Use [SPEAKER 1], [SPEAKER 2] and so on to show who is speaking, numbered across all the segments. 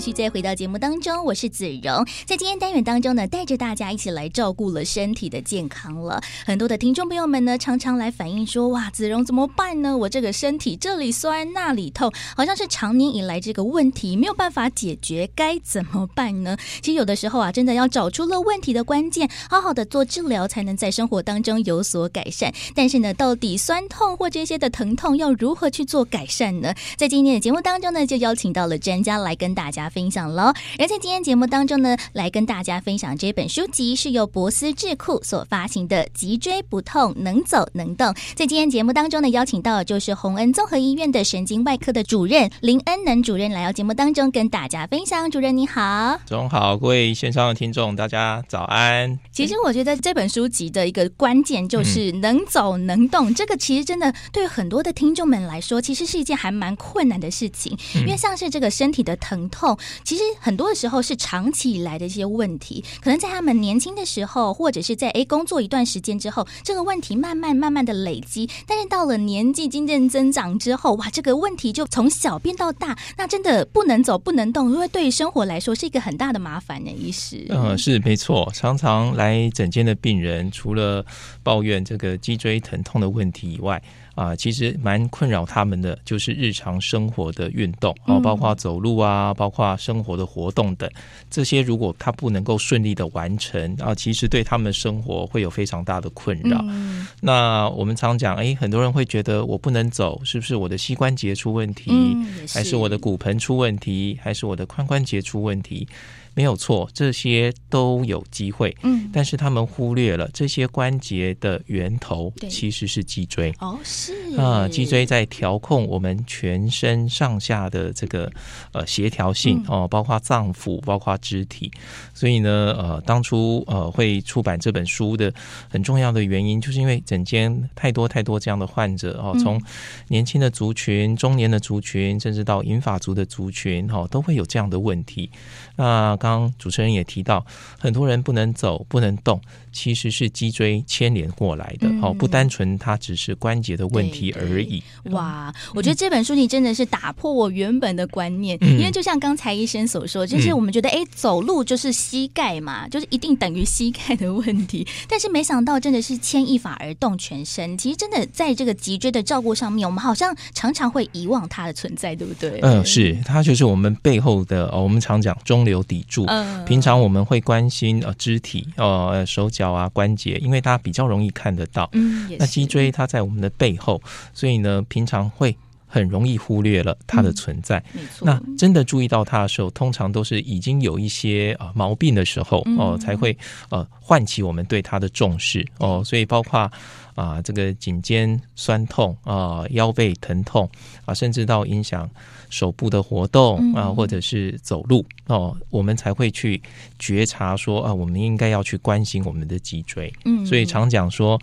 [SPEAKER 1] 繼續
[SPEAKER 2] 再回到節目當中，我是子榮，在今天單元當中呢，帶着大家一起來照顧了身體的健康了。很多的聽眾朋友們呢，常常來反映說，哇，子榮怎麼辦呢？我這個身體這裡酸那裡痛，好像是常年以來這個問題沒有辦法解決，該怎麼辦呢？其實有的時候啊，真的要找出了問題的關鍵，好好的做治療，才能在生活當中有所改善。但是呢，到底酸痛或這些的疼痛要如何去做改善呢？在今天的節目當中呢，就邀請到了專家來跟大家。分享嘍！而在今天節目當中呢，來跟大家分享這本書籍，是由博思智庫所發行的《脊椎不痛能走能動》。在今天節目當中呢，邀請到的就是洪恩綜合醫院的神經外科的主任林恩能主任來到節目當中跟大家分享。主任你好。
[SPEAKER 1] 中午好，各位線上的聽眾，大家早安。
[SPEAKER 2] 其實我覺得這本書籍的一個關鍵就是能走能動，嗯、這個其實真的對很多的聽眾們來說，其實是一件還蠻困難的事情，嗯、因為像是這個身體的疼痛。其實很多的時候是長期以來的一些問題，可能在他們年輕的時候，或者是在欸工作一段時間之後，這個問題慢慢慢慢的累積，但是到了年紀漸漸增長之後，哇，這個問題就從小變到大，那真的不能走不能動，因為對於生活來說是一個很大的麻煩呢。醫師，
[SPEAKER 1] 嗯，是沒錯，常常來診間的病人，除了抱怨這個脊椎疼痛的問題以外，啊，其實蠻困擾他們的，就是日常生活的運動啊、哦，包括走路啊，嗯、包括生活的活動等，這些如果他不能夠順利的完成啊，其實對他們的生活會有非常大的困擾。嗯、那我們常講誒，很多人會覺得我不能走，是不是我的膝關節出問題，嗯、是還是我的骨盆出問題，還是我的髖關節出問題？沒有錯，這些都有機會，嗯，但是他們忽略了這些關節的源頭，其實是脊椎哦，是啊、呃，脊椎在調控我們全身上下的這個呃協調性哦、呃，包括臟腑，包括肢體，嗯、所以呢，呃，當初呃會出版這本書的很重要的原因，就是因為診間太多太多這樣的患者哦、呃，從年輕的族群、中年的族群，甚至到銀髮族的族群哦、呃，都會有這樣的問題，那、呃。剛剛主持人也提到，很多人不能走、不能動，其實是脊椎牽連過來的。哦、嗯，不單純，它只是關節的問題而已。對對
[SPEAKER 2] 哇，嗯、我覺得這本書你真的是打破我原本的觀念，嗯、因為就像剛才醫生所說，就是我們覺得哎、嗯，走路就是膝蓋嘛，就是一定等於膝蓋的問題。但是沒想到，真的是牽一發而動全身。其實真的在這個脊椎的照顧上面，我們好像常常會遺忘它的存在，對不對？嗯，
[SPEAKER 1] 是，它就是我們背後的哦，我們常講中流砥。平常我們會關心呃肢體呃手腳啊關節，因為它比較容易看得到。嗯，那脊椎它在我們的背後，所以呢平常會很容易忽略了它的存在。嗯，那真的注意到它的時候，通常都是已經有一些毛病的時候哦，呃，才會呃喚起我們對它的重視哦，呃。所以包括。啊，這個頸肩痠痛啊，腰背疼痛啊，甚至到影響手部的活動啊，或者是走路哦、嗯嗯啊，我們才會去覺察說啊，我們應該要去關心我們的脊椎。嗯，嗯，嗯、所以常講說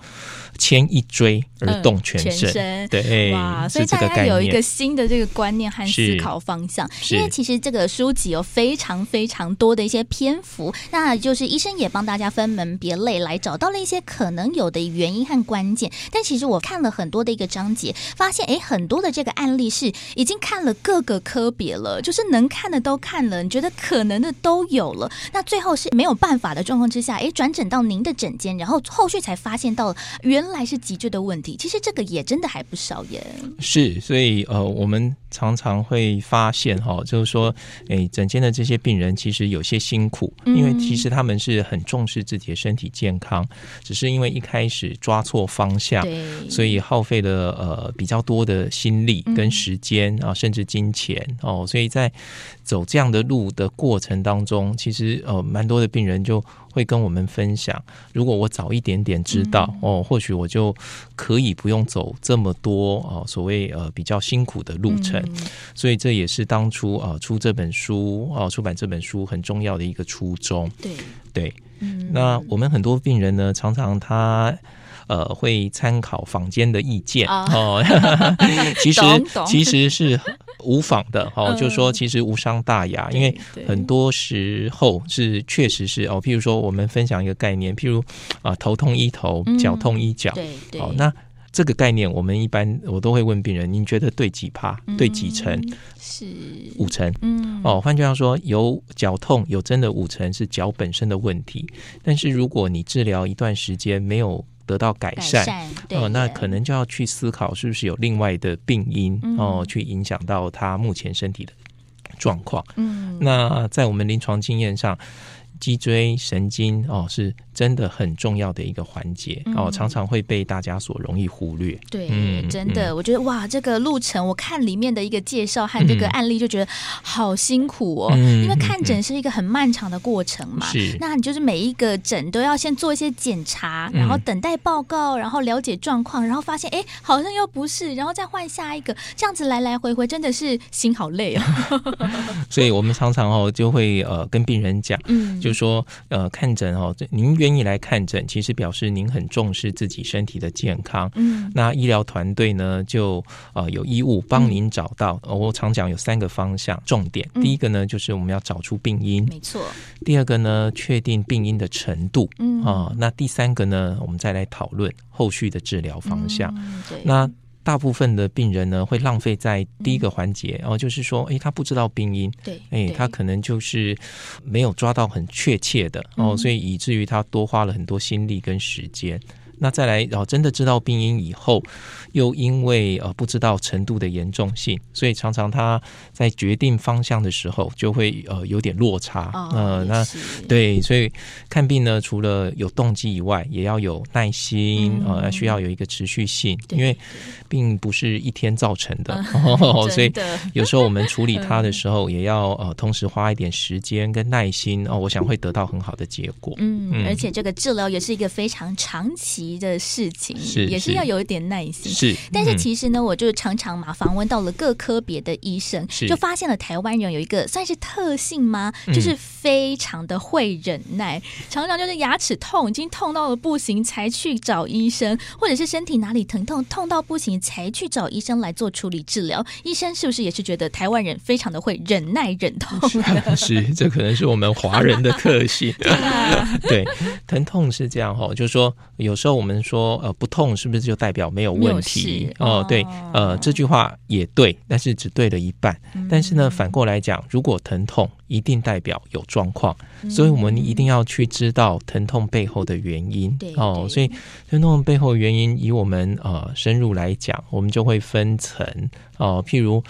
[SPEAKER 1] 牽一椎而動全身，嗯、全身對哇，是這個概念。所以大家有一個新
[SPEAKER 2] 的這個觀念和思考方向。因為其實這個書籍有非常非常多的一些篇幅，那就是醫生也幫大家分門別類來找到了一些可能有的原因和觀念。但其實我看了很多的一個章節，發現哎，很多的這個案例是已經看了各個科別了，就是能看的都看了，你覺得可能的都有了。那最後是沒有辦法的狀況之下，哎，轉診到您的診間，然後後續才發現到了原來是脊椎的問題。其實這個也真的還不少耶。
[SPEAKER 1] 是，所以呃，我們常常會發現哈、哦，就是說，哎，診間的這些病人其實有些辛苦，因為其實他們是很重視自己的身體健康，只是因為一開始抓錯。方向，對所以耗費了呃比較多的心力跟時間、嗯、啊，甚至金錢哦。所以在走這樣的路的過程當中，其實呃蠻多的病人就會跟我們分享，如果我早一點點知道、嗯、哦，或許我就可以不用走這麼多啊所謂呃比較辛苦的路程。嗯、所以這也是當初啊、呃、出這本書、啊、出版這本書很重要的一個初衷。對對，對嗯、那我們很多病人呢，常常他。呃，會參考坊間的意見哦。 懂其實懂其實是無妨的、嗯、哦，就說其實無傷大雅，嗯、因為很多時候是確實是哦。譬如說，我們分享一個概念，譬如啊、呃，頭痛醫頭，腳痛醫腳。嗯、對對哦，那這個概念，我們一般我都會問病人，您覺得對幾趴？對幾成、嗯、是五成成、嗯、哦，換句話說，有腳痛，有真的五成是腳本身的問題，但是如果你治療一段時間沒有。得到改善，哦、呃，那可能就要去思考是不是有另外的病因的哦，去影響到他目前身體的狀況。嗯，那在我們臨床經驗上。脊椎神經哦，是真的很重要的一個環節哦，常常會被大家所容易忽略。對，真的，
[SPEAKER 2] 我覺得哇，這個路程，我看裡面的一個介紹和這個案例，就覺得好辛苦哦。因為看診是一個很漫長的過程嘛，是。那你就是每一個診都要先做一些檢查，然後等待報告，然後了解狀況，然後發現哎，好像又不是，然後再換下一個，這樣子來來回回，真的是心好累哦。
[SPEAKER 1] 所以我們常常哦，就會呃跟病人講，嗯。就是說呃，看診哦，您願意來看診，其實表示您很重視自己身體的健康。嗯，那醫療團隊呢，就呃，有義務幫您找到。嗯哦，我常講有三個方向重點，第一個呢，嗯，就是我們要找出病因，沒錯。第二個呢，確定病因的程度。嗯啊、哦，那第三個呢，我們再來討論後續的治療方向。嗯、對。那大部分的病人呢，會浪費在第一個環節，然後、嗯哦、就是說，哎，他不知道病因，對，哎，他可能就是沒有抓到很確切的，哦，嗯、所以以至於他多花了很多心力跟時間。那再來，然後、哦、真的知道病因以後，又因為呃不知道程度的嚴重性，所以常常他在決定方向的時候就會呃有點落差啊。哦呃、那對，所以看病呢，除了有動機以外，也要有耐心啊、嗯呃，需要有一個持續性，對因為並不是一天造成的，嗯的哦。所以有時候我們處理它的時候，嗯、也要呃同時花一點時間跟耐心哦，我想會得到很好的結果。嗯，嗯而且
[SPEAKER 2] 這個治療也是一個非常長期。的事情，是是也是要有一點耐心，是。但是其實呢，嗯、我就常常嘛，訪問到了各科別的醫生，是就發現了台灣人有一個算是特性嗎？就是非常的會忍耐，嗯、常常就是牙齒痛已經痛到了不行，才去找醫生，或者是身體哪裡疼痛痛到不行才去找醫生來做處理治療。醫生是不是也是覺得台灣人非常的會忍耐忍痛？是，
[SPEAKER 1] 是，這可能是我們華人的特性。對，疼痛是這樣哈，就是說有時候。我們說，呃，不痛是不是就代表沒有問題？哦、呃，對，呃，這句話也對，但是只對了一半。嗯嗯。但是呢，反過來講，如果疼痛，一定代表有狀況，所以我們一定要去知道疼痛背後的原因。哦、嗯嗯呃，所以疼痛的背後的原因，以我們呃深入來講，我們就會分層。哦、呃，譬如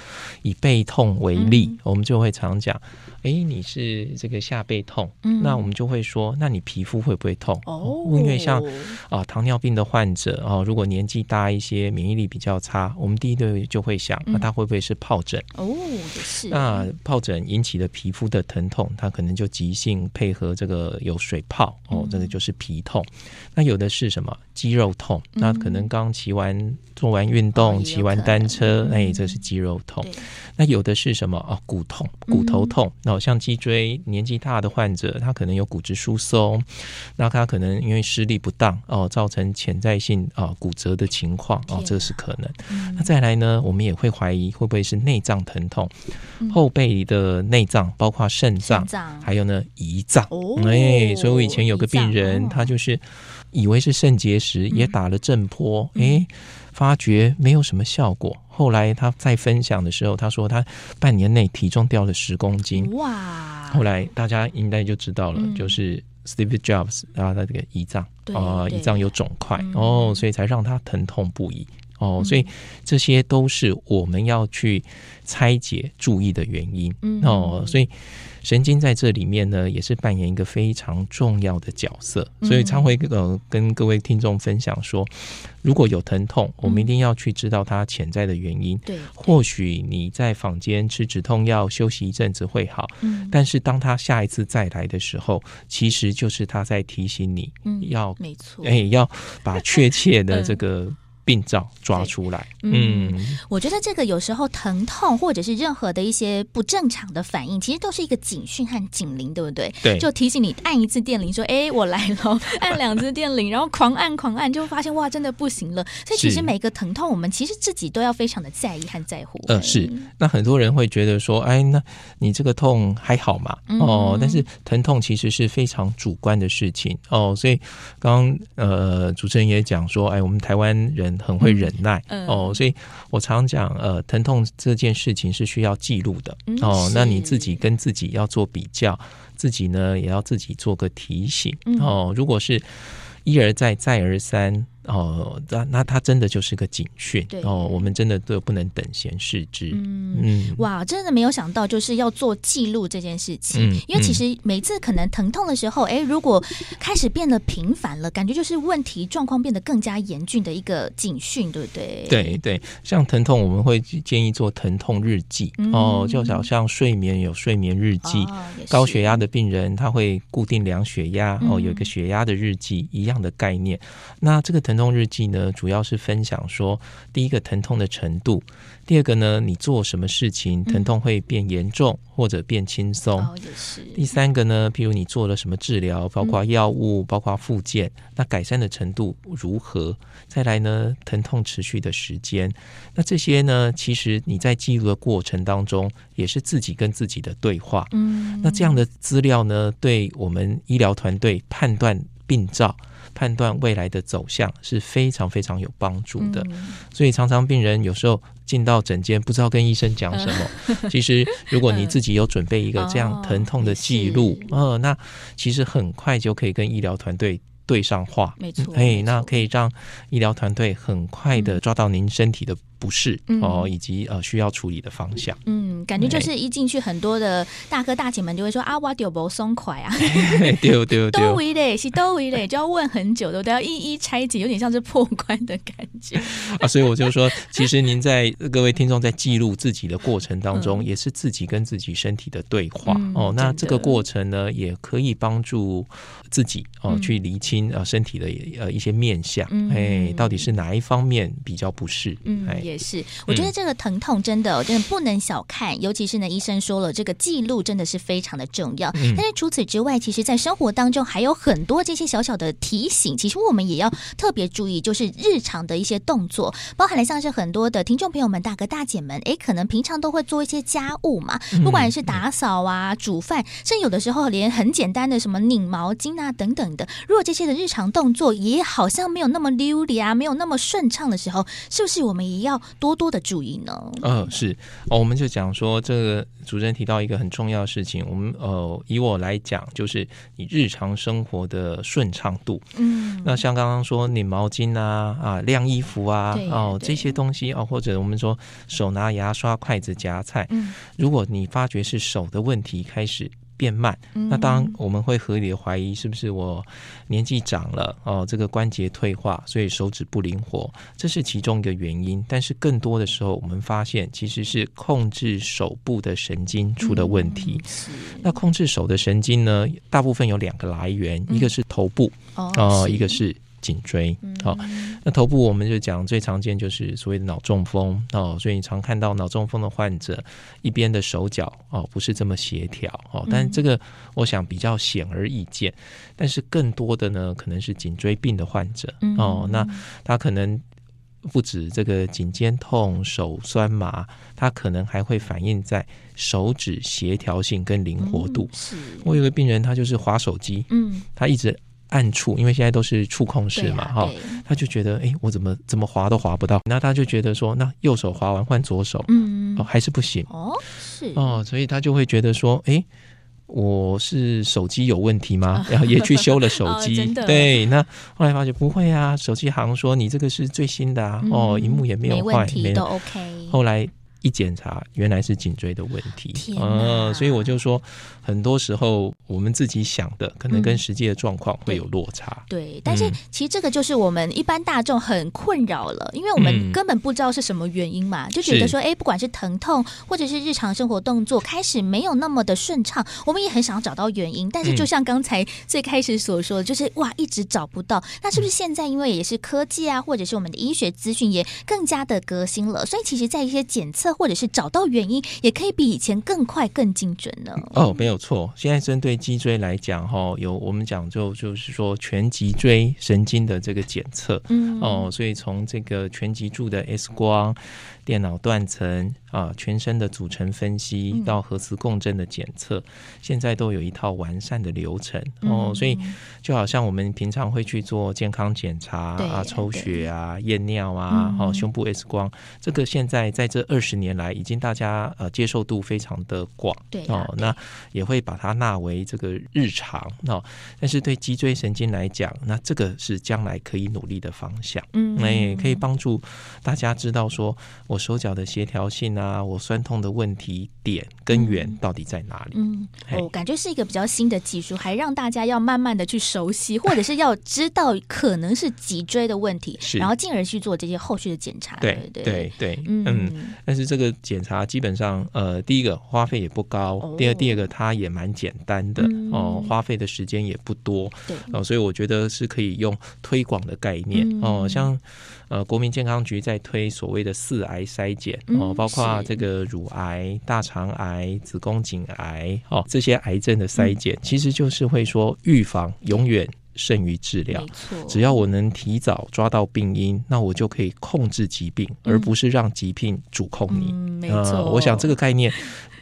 [SPEAKER 1] 以背痛為例，嗯嗯。我們就會常講。哎，你是這個下背痛，嗯、那我們就會說，那你皮膚會不會痛？哦，哦，因為像啊，糖尿病的患者、啊、如果年紀大一些，免疫力比較差，我們第一個就會想，那他、嗯啊、會不會是皰疹？哦，就是。那皰疹引起的皮膚的疼痛，它可能就急性，配合這個有水泡，哦，嗯、這個就是皮痛。那有的是什麼肌肉痛？嗯、那可能剛騎完、做完運動、哦、騎完單車，哎，這是肌肉痛。嗯、那有的是什麼？哦、啊，骨痛、骨頭痛。嗯好像脊椎年紀大的患者，他可能有骨質疏鬆，那他可能因為施力不當哦、呃，造成潛在性啊、呃、骨折的情況哦，這是可能。啊嗯、那再來呢，我們也會懷疑會不會是內臟疼痛，嗯、後背的內臟包括腎臟，嗯、還有呢胰臟。哎、哦，所以我以前有個病人，哦、他就是以為是腎結石，也打了震波，哎、嗯。欸發覺沒有什麼效果，後來他在分享的時候，他說他半年內體重掉了十公斤。哇！後來大家應該就知道了，嗯、就是 Steve、er、Jobs 他他這個胰臟啊對、呃，胰臟有腫塊，對哦，所以才讓他疼痛不已。嗯哦，所以這些都是我們要去拆解、注意的原因。嗯嗯嗯嗯哦，所以神經在這裡面呢，也是扮演一個非常重要的角色。所以昌輝呃，跟各位聽眾分享說，如果有疼痛，我們一定要去知道它潛在的原因。對、嗯，或許你在坊間吃止痛藥休息一陣子會好。嗯，嗯，但是當他下一次再來的時候，其實就是他在提醒你，要、嗯、沒錯，哎、欸，要把確切的這個。嗯嗯病灶抓出來，嗯，
[SPEAKER 2] 嗯我覺得這個有時候疼痛或者是任何的一些不正常的反應，其實都是一個警訊和警鈴，對不對？對，就提醒你按一次電鈴說：“哎，我來了。”按兩次電鈴， 然後狂按狂按，就會發現哇，真的不行了。所以其實每個疼痛，是我們其實自己都要非常的在意和在乎。嗯、呃，是。
[SPEAKER 1] 那很多人會覺得說：“哎，那你這個痛還好嘛？”哦，但是疼痛其實是非常主觀的事情哦。所以剛剛呃主持人也講說：“哎，我們台灣人。”很會忍耐哦，所以我常講，呃，疼痛這件事情是需要記錄的哦。那你自己跟自己要做比較，自己呢也要自己做個提醒哦。如果是一而再，再而三。哦，那那他真的就是個警訊，對哦，我們真的都不能等閒視之。嗯，
[SPEAKER 2] 嗯哇，真的沒有想到，就是要做記錄這件事情，嗯、因為其實每次可能疼痛的時候，哎、嗯欸，如果開始變得頻繁了，感覺就是問題狀況變得更加嚴峻的一個警訊，對不對？對
[SPEAKER 1] 對，像疼痛，我們會建議做疼痛日記，嗯、哦，就好像睡眠有睡眠日記，哦、高血壓的病人他會固定量血壓，嗯、哦，有一個血壓的日記一樣的概念，那這個疼。痛日記呢，主要是分享說，第一個疼痛的程度，第二個呢，你做什麼事情疼痛會變嚴重或者變輕鬆，哦、第三個呢，譬如你做了什麼治療，包括藥物，包括復健，嗯、那改善的程度如何？再來呢，疼痛持續的時間，那這些呢，其實你在記錄的過程當中，也是自己跟自己的對話。嗯、那這樣的資料呢，對我們醫療團隊判斷病灶。判斷未來的走向是非常非常有幫助的，嗯、所以常常病人有時候進到診間不知道跟醫生講什麼。嗯、 其實如果你自己有準備一個這樣疼痛的記錄，呃、嗯哦哦，那其實很快就可以跟醫療團隊對上話。沒錯，誒、嗯，那可以讓醫療團隊很快的抓到您身體的。不適哦，以及呃需要處理的方向。
[SPEAKER 2] 嗯，感覺就是一進去很多的大哥大姐們就會說、哎、啊，我，丟不鬆快啊，
[SPEAKER 1] 對不對，都為
[SPEAKER 2] 嘞，是都為嘞，就要問很久的，我都要一一拆解，有點像是破關的感覺
[SPEAKER 1] 啊。所以我就說，其實您在各位聽眾在記錄自己的過程當中，嗯、也是自己跟自己身體的對話、嗯、哦。那這個過程呢，的也可以幫助自己哦去釐清啊身體的呃一些面向，嗯、哎，到底是哪一方面比較不適，嗯、哎。嗯
[SPEAKER 2] 也是，我覺得這個疼痛真的真的不能小看，尤其是呢，醫生說了，這個記錄真的是非常的重要。但是除此之外，其實，在生活當中還有很多這些小小的提醒，其實我們也要特別注意，就是日常的一些動作，包含了像是很多的聽眾朋友們、大哥大姐們，哎，可能平常都會做一些家務嘛，不管是打掃啊、煮飯，甚至有的時候連很簡單的什麼擰毛巾啊等等的，如果這些的日常動作也好像沒有那麼流利啊，沒有那麼順暢的時候，是不是我們也要？多多的注意呢。嗯、
[SPEAKER 1] 呃，是哦，我們就講說，這個主持人提到一個很重要的事情，我們呃，以我來講，就是你日常生活的順暢度。嗯，那像剛剛說擰毛巾啊、啊晾衣服啊、對哦這些東西啊、哦，或者我們說手拿牙刷、筷子夾菜，嗯，如果你發覺是手的問題開始。變慢，那當然我們會合理的懷疑，是不是我年紀長了哦、呃，這個關節退化，所以手指不靈活，這是其中一個原因。但是更多的時候，我們發現其實是控制手部的神經出了問題。嗯、那控制手的神經呢，大部分有兩個來源，一個是頭部、嗯、哦、呃，一個是。頸椎，好、哦，那頭部我們就講最常見就是所謂的腦中風哦，所以你常看到腦中風的患者一邊的手腳哦，不是這麼協調哦，但這個我想比較顯而易見，嗯、但是更多的呢，可能是頸椎病的患者哦，那他可能不止這個頸肩痛、手酸麻，他可能還會反映在手指協調性跟靈活度。嗯、是我有個病人，他就是滑手機，嗯，他一直。暗處，因為現在都是觸控式嘛，哈、啊哦，他就覺得，哎、欸，我怎麼怎麼滑都滑不到，那他就覺得說，那右手滑完換左手，嗯、哦，還是不行，哦，是哦，所以他就會覺得說，哎、欸，我是手機有問題嗎？啊、然後也去修了手機， 哦、對，那後來發覺不會啊，手機行說你這個是最新的啊，嗯、哦，熒幕也沒有壞，沒問題都 OK，沒後來。一檢查，原來是頸椎的問題啊哪、呃，所以我就說，很多時候我們自己想的可能跟實際的狀況、嗯、會有落差對。
[SPEAKER 2] 對，但是其實這個就是我們一般大眾很困擾了，因為我們根本不知道是什麼原因嘛，嗯、就覺得說，哎是，不管是疼痛或者是日常生活動作開始沒有那麼的順暢，我們也很想找到原因。但是就像剛才最開始所說的，嗯、就是哇，一直找不到。那是不是現在因為也是科技啊，嗯、或者是我們的醫學資訊也更加的革新了？所以其實在一些檢測。或者是找到原因，也可以比以前更快更精準呢？
[SPEAKER 1] 哦，沒有錯，現在針對脊椎來講，哈，有我們講就就是說全脊椎神經的這個檢測，嗯，哦，所以從這個全脊柱的 X 光。電腦斷層啊、呃，全身的組成分析到核磁共振的檢測，嗯、現在都有一套完善的流程，嗯嗯哦。所以就好像我們平常會去做健康檢查，嗯嗯啊，抽血啊，驗尿啊，胸部 X 光，嗯嗯，這個現在在這二十年來已經大家呃接受度非常的廣，對、啊、對哦。那也會把它納為這個日常哦。但是對脊椎神經來講，那這個是將來可以努力的方向。嗯，嗯，嗯，那也可以幫助大家知道說我。手腳的協調性啊，我痠痛的問題點根源到底在哪裡？嗯，
[SPEAKER 2] 我、嗯哦、感覺是一個比較新的技術，還讓大家要慢慢的去熟悉，或者是要知道可能是脊椎的問題，是然後進而去做這些後續的檢查。對，對對
[SPEAKER 1] 對嗯，嗯。但是這個檢查基本上，呃，第一個花費也不高，第二、哦、第二個它也蠻簡單的哦、嗯呃，花費的時間也不多。對、呃，所以我覺得是可以用推廣的概念哦、呃，像呃，國民健康局在推所謂的四癌。篩檢哦，包括這個乳癌、大腸癌、子宮頸癌哦，這些癌症的篩檢，嗯、其實就是會說預防永遠勝於治療。沒錯，只要我能提早抓到病因，那我就可以控制疾病，而不是讓疾病主控你。沒錯，我想這個概念。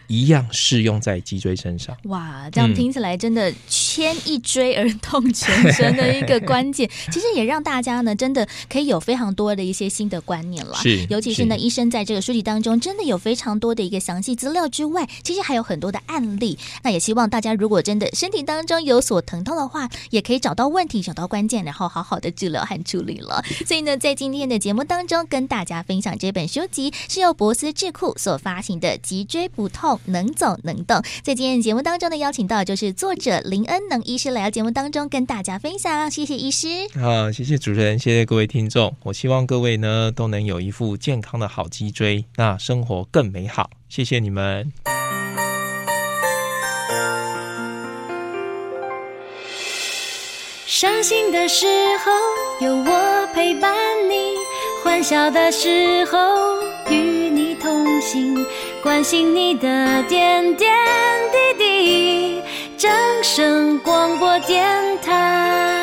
[SPEAKER 1] 一樣適用在脊椎身上。
[SPEAKER 2] 哇，這樣聽起來真的牽一椎而痛全身的一個關鍵，嗯、 其實也讓大家呢真的可以有非常多的一些新的觀念了。是，尤其是呢，是醫生在這個書籍當中真的有非常多的一個詳細資料之外，其實還有很多的案例。那也希望大家如果真的身體當中有所疼痛的話，也可以找到問題，找到關鍵，然後好好的治療和處理了。 所以呢，在今天的節目當中，跟大家分享這本書籍是由博思智庫所發行的《脊椎不痛》。能走能動，在今天節目當中呢，邀請到就是作者林恩能醫師來到節目當中跟大家分享，謝謝醫師。
[SPEAKER 1] 好、啊，謝謝主持人，謝謝各位聽眾。我希望各位呢都能有一副健康的好脊椎，那生活更美好。謝謝你們。
[SPEAKER 2] 傷心的時候有我陪伴你，歡笑的時候與你同行，關心你的點點滴滴，正聲廣播電台。